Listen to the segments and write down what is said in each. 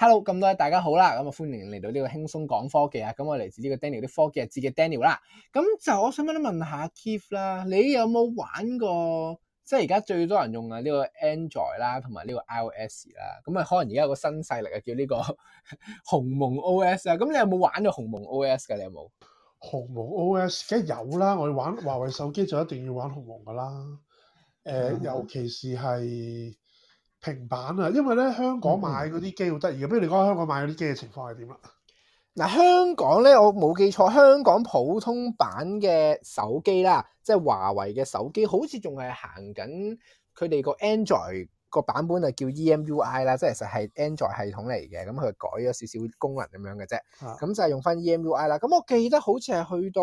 hello，咁多位大家好啦，咁啊歡迎嚟到呢、這個輕鬆講科技啊，咁我嚟自呢個 Daniel 啲科技日誌嘅 Daniel 啦，咁、嗯、就我想唔你問，問下 Keith 啦，你有冇玩過即係而家最多人用啊呢個 Android 啦，同埋呢個 iOS 啦，咁、嗯、啊可能而家有個新勢力啊叫呢、這個鴻蒙 OS 啊，咁你有冇玩過鴻蒙 OS 嘅？你有冇鴻蒙 OS 梗係有，有，有啦，我哋玩華為手機就一定要玩鴻蒙噶啦，誒、 呃、尤其是係。平板啊，因為咧香港買嗰啲機好得意嘅，不如你講下香港買嗰啲機嘅情況係點啦？嗱，香港咧我冇記錯，香港普通版嘅手機啦，即係華為嘅手機，好似仲係行緊佢哋個 Android 個版本啊，叫 EMUI 啦，即係實係 Android 系統嚟嘅，咁佢改咗少少功能咁樣嘅啫，咁就係用翻 EMUI 啦。咁我記得好似係去到。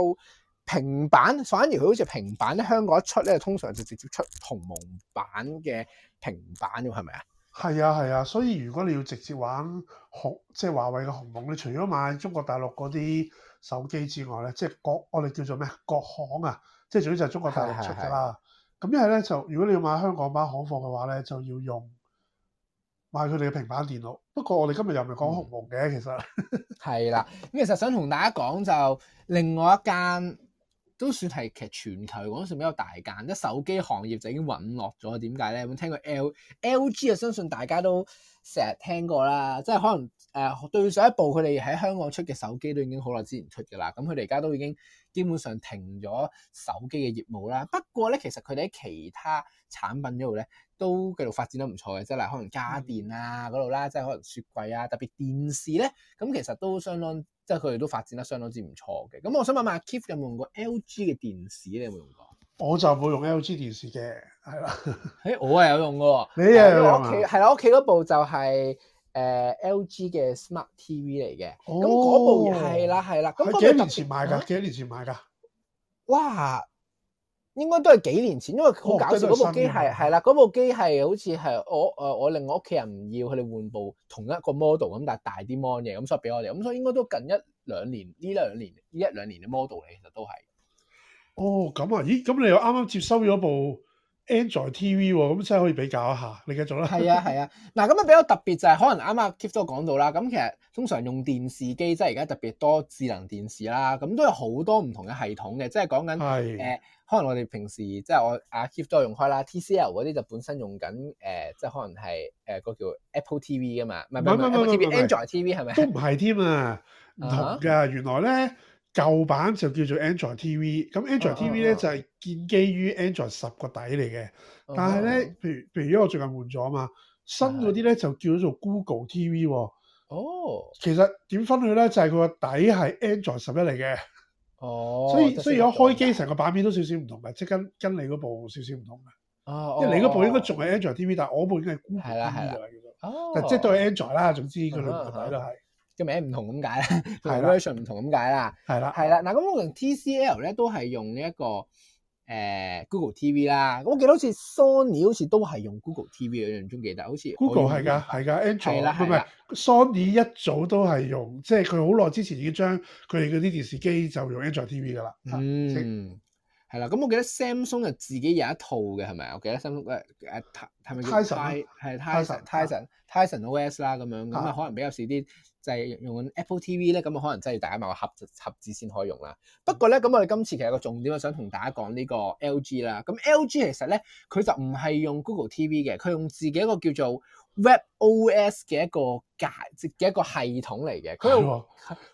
平板反而佢好似平板咧，香港一出咧，通常就直接出鴻蒙版嘅平板喎，係咪啊？係啊，係啊，所以如果你要直接玩紅即係華為嘅鴻蒙，你除咗買中國大陸嗰啲手機之外咧，即係各我哋叫做咩？國行啊，即係總之就係中國大陸出㗎啦。咁一係咧就如果你要買香港版行貨嘅話咧，就要用買佢哋嘅平板電腦。不過我哋今日又唔係講鴻蒙嘅，其實係啦。咁其實想同大家講就另外一間。都算係其實全球，講算比較大間。即係手機行業就已經萎落咗，點解咧？有冇聽過 L LG 啊？相信大家都成日聽過啦。即係可能誒，呃、對上一部佢哋喺香港出嘅手機都已經好耐之前出嘅啦。咁佢哋而家都已經基本上停咗手機嘅業務啦。不過咧，其實佢哋喺其他產品嗰度咧，都繼續發展得唔錯嘅。即係嗱，可能家電啊嗰度啦，嗯、即係可能雪櫃啊，特別電視咧，咁其實都相當。即係佢哋都發展得相當之唔錯嘅，咁我想問問阿 Keith 有冇用過 LG 嘅電視咧？你有冇用過？我就冇用 LG 電視嘅，係啦。誒，我係有用嘅喎。你又用啊？係啦，我屋企嗰部就係誒 LG 嘅 Smart TV 嚟嘅。咁嗰部係啦係啦。咁幾多年前買㗎？啊？幾多年前買㗎？哇！應該都係幾年前，因為好搞笑嗰、哦、部機械係啦，嗰部機械好似係我誒、呃、我另外屋企人唔要佢哋換部同一個 model 咁，但係大啲 mon 嘢咁，所以俾我哋咁、嗯，所以應該都近一兩年呢兩年呢一兩年嘅 model 嚟，其實都係。哦，咁啊，咦，咁你又啱啱接收咗部？Android TV 喎，咁真係可以比較一下，你繼續啦。係啊，係啊，嗱咁啊比較特別就係、是、可能啱啱 Keith 都講到啦，咁其實通常用電視機，即係而家特別多智能電視啦，咁都有好多唔同嘅系統嘅，即係講緊誒，可能我哋平時即係我阿、啊、Keith 都用開啦，TCL 嗰啲就本身用緊誒、呃，即係可能係誒、呃那個叫 Apple TV 是 Apple TV 噶嘛，唔係唔係唔係，TV Android TV 係咪？都唔係添啊，唔同㗎，uh huh? 原來咧。舊版就叫做 Android TV，咁 Android TV 咧就係建基於 Android 十個底嚟嘅。但係咧，譬如譬如因為我最近換咗啊嘛，新嗰啲咧就叫做 Google TV。哦，其實點分佢咧就係佢個底係 Android 十一嚟嘅。哦，所以所以如果開機成個版面都少少唔同嘅，即係跟跟你嗰部少少唔同嘅。哦，因為你嗰部應該仲係 Android TV，但係我部已經係 Google TV 啦，叫做。哦，但即係都係 Android 啦。總之佢兩個底都係。嘅名唔同咁解，version 啦，唔的同咁解啦。係啦的，係啦的。嗱咁我同 TCL 咧都係用呢一個誒 Google TV 啦。我記得好似 Sony 好似都係用 Google TV 嗰樣，仲記得好似 Google 係㗎係㗎，Android 唔係 Sony 一早都係用，即係佢好耐之前已經將佢哋嗰啲電視機就用 Android TV 㗎啦。嗯。係啦，咁我記得 Samsung 就自己有一套嘅，係咪啊？我記得 Samsung 誒、啊、誒，係咪叫 Tizen，Tizen，Tizen，Tizen OS 啦，咁樣咁啊，可能比較少啲就係用 Apple TV 咧，咁啊，可能真係要大家買個盒、盒子先可以用啦。不過咧，咁我哋今次其實個重點啊，想同大家講呢個 LG 啦。咁 LG 其實咧，佢就唔係用 Google TV 嘅，佢用自己一個叫做。WebOS 嘅一個介嘅一個系統嚟嘅，佢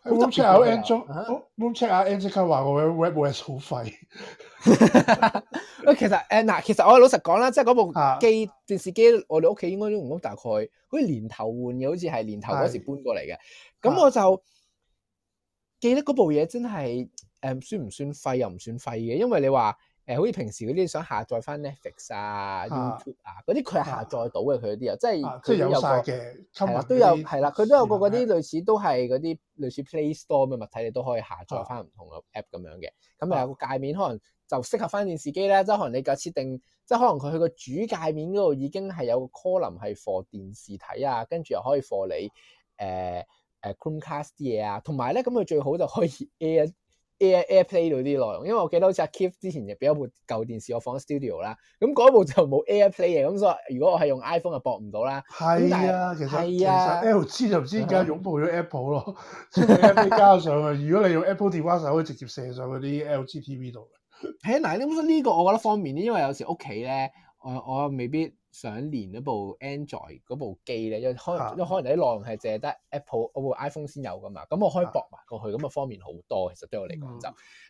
Boomchick 啊 a n d r o c h i c k 啊 Andrew 話個 WebOS 好廢。喂，其實誒嗱、呃，其實我老實講啦，即係嗰部機、啊、電視機，我哋屋企應該都用咗大概，好似年頭換嘅，好似係年頭嗰時搬過嚟嘅。咁是我就、啊、記得嗰部嘢真係，誒，算唔算廢又唔算廢嘅，因為你話。誒，好似平時嗰啲想下載翻 Netflix 啊、 YouTube 啊嗰啲，佢係下載到嘅。佢啲又即係佢係有曬嘅，同埋都有係啦，佢都有個嗰啲、啊、類似都係嗰啲類似 Play Store 嘅物體，你都可以下載翻唔同嘅 app 咁樣嘅。咁又、啊、有個界面可能就適合翻電視機咧，即係可能你嘅設定，即係可能佢去個主界面嗰度已經係有 column 係 for 電視睇啊，跟住又可以 for 你誒誒 ChromeCast 啲嘢啊，同埋咧咁佢最好就可以 Air AirPlay 到啲內容，因為我記得好似阿 Kip 之前又俾一部舊電視我放 studio 啦，咁嗰部就冇 AirPlay 嘅，咁所以如果我係用 iPhone 就搏唔到啦。係啊，是其實、啊、其實 LG 就唔知點解擁抱咗 Apple 咯 a p 加上啊，如果你用 Apple device 電話手可以直接射上嗰啲 LG TV 度嘅。嘿、嗯，嗱，咁呢個我覺得方便啲，因為有時屋企咧，我我未必。想連一部 Android 嗰部機咧，因為可能、啊、因為可能啲內容係淨係得 Apple 嗰部 iPhone 先有噶嘛，咁我可以駁埋過去，咁啊方便好多。其實對我嚟講、啊、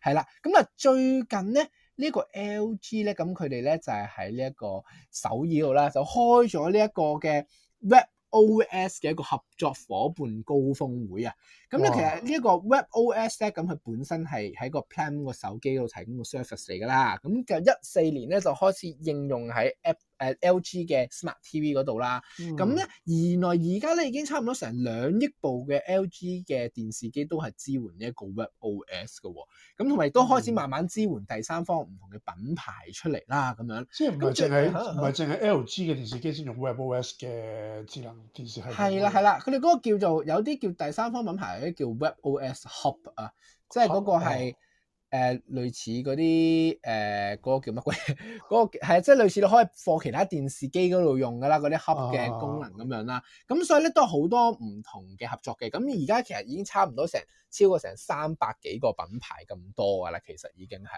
就係啦，咁啊最近咧呢、呢個 LG 咧，咁佢哋咧就係喺呢一個首爾度啦，就開咗呢一個嘅 WebOS 嘅一個盒。作伙伴高峰會啊！咁、嗯、咧哇其實 OS 呢一個 WebOS 咧，咁佢本身係喺個 plan 個手機度提供個 service 嚟㗎啦。咁就一四年咧就開始應用喺誒 LG 嘅 smart TV 度啦。咁咧原來而家咧已經差唔多成兩億部嘅 LG 嘅電視機都係支援呢一個 WebOS 嘅喎。咁同埋都開始慢慢支援第三方唔同嘅品牌出嚟啦。咁樣即係唔係淨係唔係淨係 LG 嘅電視機先用 WebOS 嘅智能電視係？係啦，係啦。佢嗰個叫做有啲叫第三方品牌，有啲叫 webOS Hub 啊，即係嗰個係誒類似嗰啲誒嗰個叫乜鬼嗰個係啊，係即係類似你可以放其他電視機嗰度用噶啦，嗰啲 Hub 嘅功能咁樣啦。咁、oh. 所以咧都好多唔同嘅合作嘅。咁而家其實已經差唔多成超過成三百幾個品牌咁多噶啦，其實已經係。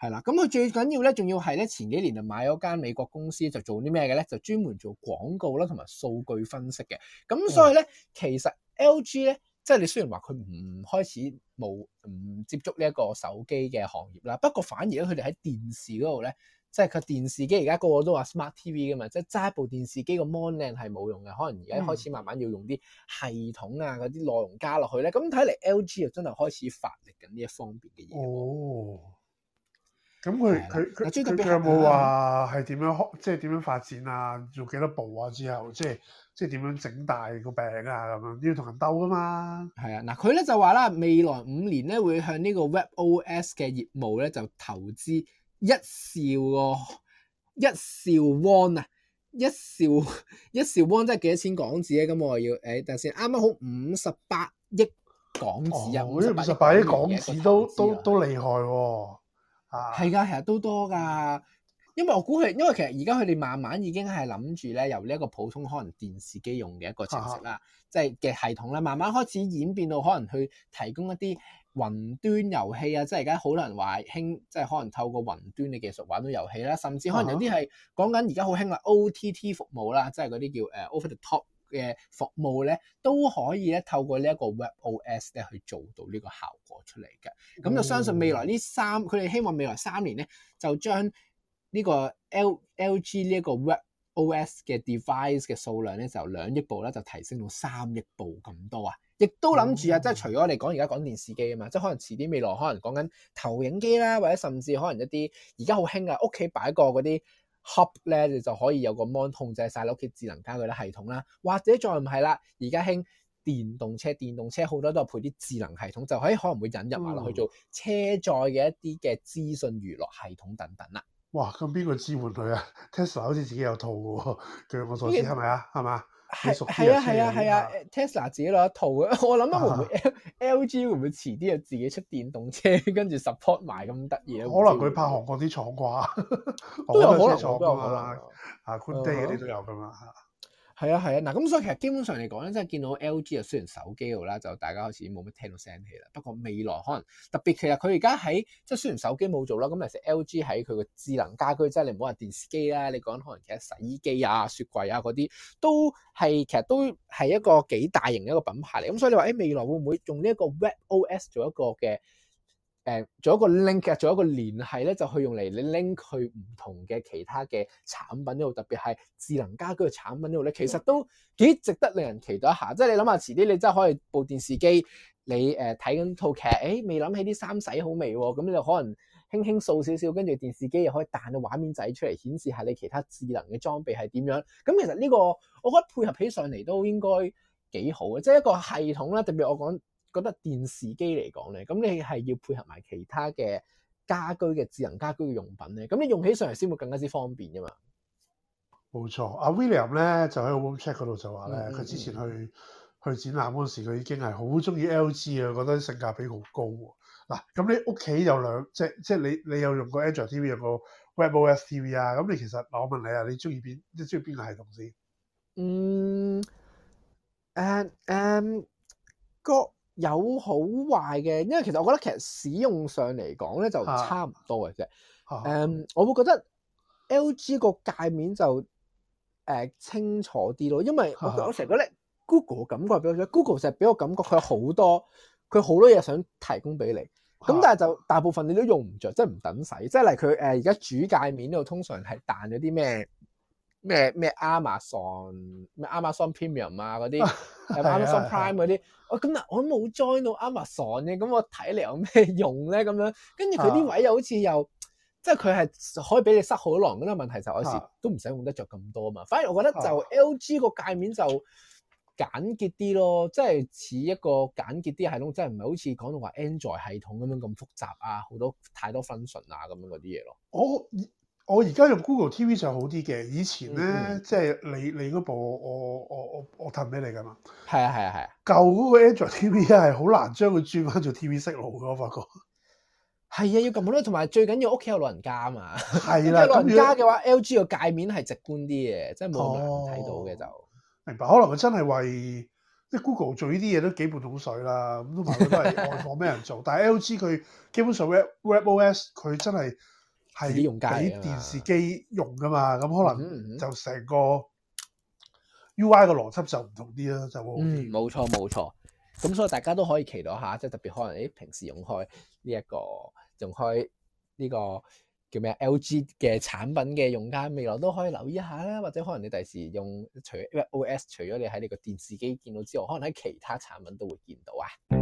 係啦，咁佢最緊要咧，仲要係咧，前幾年就買咗間美國公司，就做啲咩嘅咧，就專門做廣告啦，同埋數據分析嘅。咁所以咧，嗯、其實 LG 咧，即係你雖然話佢唔開始冇唔接觸呢一個手機嘅行業啦，不過反而咧，佢哋喺電視嗰度咧，即係佢電視機而家個個都話 smart TV 噶嘛，即係揸部電視機個 mon 係冇用嘅，可能而家開始慢慢要用啲系統啊，嗰啲內容加落去咧，咁睇嚟 LG 就真係開始發力緊呢一方面嘅嘢。哦咁佢佢佢有冇話係點樣即係點樣發展啊？做幾多步啊？之後即係即係點樣整大個餅啊？咁樣要同人鬥㗎嘛？係啊，嗱佢咧就話啦，未來五年咧會向呢個 WebOS 嘅業務咧就投資一兆個一兆 won 啊一兆一兆 won 即係幾多錢港紙咧？咁我又要誒、哎、等先，啱啱好五十八億港紙啊！五十八億港紙、哦、都都都厲害喎、啊！係噶，其實都多噶，因為我估佢，因為其實而家佢哋慢慢已經係諗住咧，由呢一個普通可能電視機用嘅一個程式啦，即係嘅系統啦，慢慢開始演變到可能去提供一啲雲端遊戲啊，即係而家好多人話興，即係可能透過雲端嘅技術玩到遊戲啦，甚至可能有啲係講緊而家好興嘅 OTT 服務啦，即係嗰啲叫誒 over the top。嘅服務咧，都可以咧透過呢一個 WebOS 咧去做到呢個效果出嚟嘅。咁就相信未來呢三，佢哋、嗯、希望未來三年咧，就將呢個 L LG 呢一個 WebOS 嘅 device 嘅數量咧，就兩億部咧，就提升到三億部咁多啊！亦都諗住啊，嗯、即係除咗我哋講而家講電視機啊嘛，即係可能遲啲未來可能講緊投影機啦，或者甚至可能一啲而家好興啊，屋企擺個嗰啲，Hub 咧，你就可以有個 mon 控制晒你屋企智能家居嘅系統啦，或者再唔係啦，而家興電動車，電動車好多都係配啲智能系統，就可以可能會引入埋落去做車載嘅一啲嘅資訊娛樂系統等等啦、嗯。哇！咁邊個支援佢啊？Tesla 好似自己有套嘅喎，據 我所知係咪啊？係嘛些？係係啊，係啊，係啊，Tesla 自己攞一套嘅，我諗下，會唔會 LG 會唔會遲啲又自己出電動車，跟住 support 埋咁得意啊。會會可能佢怕韓國啲廠啩， 有廠都有可能錯噶嘛，啊，Good Day 嗰啲都有噶嘛。係啊係啊，嗱咁所以其實基本上嚟講咧，即係見到 LG 啊，雖然手機度啦，就大家開始冇乜聽到聲氣啦。不過未來可能特別，其實佢而家喺即係雖然手機冇做啦，咁其實 LG 喺佢個智能家居即係你唔好話電視機啦，你講可能其實洗衣機啊、雪櫃啊嗰啲都係其實都係一個幾大型嘅一個品牌嚟。咁所以你話誒未來會唔會用呢一個 webOS 做一個嘅？誒做一個 link 啊，做一個連係咧，就用去用嚟你 link 佢唔同嘅其他嘅產品呢度，特別係智能家居嘅產品呢度咧，其實都幾值得令人期待一下。即係你諗下，遲啲你真係可以部電視機，你誒睇緊套劇，誒、哎、未諗起啲衫洗好未喎，咁你就可能輕輕掃少少，跟住電視機又可以彈個畫面仔出嚟顯示下你其他智能嘅裝備係點樣。咁其實呢、這個我覺得配合起上嚟都應該幾好嘅，即係一個系統咧，特別我講。覺得電視機嚟講咧，咁你係要配合埋其他嘅家居嘅智能家居嘅用品咧，咁你用起上嚟先會更加之方便噶嘛？冇錯，阿 William 咧就喺 Room Chat 嗰度就話咧，佢、嗯、之前去、嗯、去展覽嗰時，佢已經係好中意 LG 啊，覺得性價比好高喎。嗱，咁你屋企有兩即係即係你你有用過 Android TV，有用過 WebOS TV 啊，咁你其實我問你啊，你中意邊即係中意邊個系統先？嗯，誒、uh, 誒、um, 有好壞嘅，因為其實我覺得其實使用上嚟講咧就差唔多嘅啫。誒、啊，um, 我會覺得 LG 個界面就誒、呃、清楚啲咯，因為我成日、啊、覺得 Google 感覺俾我 Google 成日俾我感覺佢有好多佢好多嘢，想提供俾你，咁、啊、但係就大部分你都用唔着，即係唔等使。即係例如佢誒而家主界面度通常係彈咗啲咩？咩咩 Amazon 咩 Amazon Premium 啊嗰啲，Amazon Prime 嗰啲， 我咁但我冇 join 到 Amazon 嘅，咁我睇嚟有咩用咧？咁樣跟住佢啲位又好似又，即係佢係可以俾你塞好耐嘅啦。嗰個、問題就係有時都唔使用，用得着咁多嘛。反而我覺得就 LG 個界面就簡潔啲咯，即係似一個簡潔啲系統，即係唔係好似講到話 Android 系統咁樣咁複雜啊，好多太多 function 啊咁樣嗰啲嘢咯。我。我而家用 Google TV 上好啲嘅，以前咧、嗯、即係你你嗰部我我我我騰俾你噶嘛。係啊係啊係啊。啊啊舊嗰個 Android TV 係好難將佢轉翻做 TV 色號嘅，我發覺。係啊，要撳好多，同埋最緊要屋企有老人家啊嘛。係啦、啊，老人家嘅話要，LG 個介面係直觀啲嘅，即係冇人睇到嘅就、哦。明白，可能佢真係為即係 Google 做呢啲嘢都幾半桶水啦，咁都唔係都係外放咩人做，但係 LG 佢基本上 Web Web OS 佢真係。係啲用家嘅電視機用噶嘛，咁可能就成個 UI 嘅邏輯就唔同啲啦，就冇錯冇錯。咁所以大家都可以期待下，即係特別可能誒，平時用開呢、這、一個用開呢、這個叫咩 LG 嘅產品嘅用家，未來都可以留意一下啦。或者可能你第時用 webOS 除咗你喺你個電視機見到之外，可能喺其他產品都會見到啊。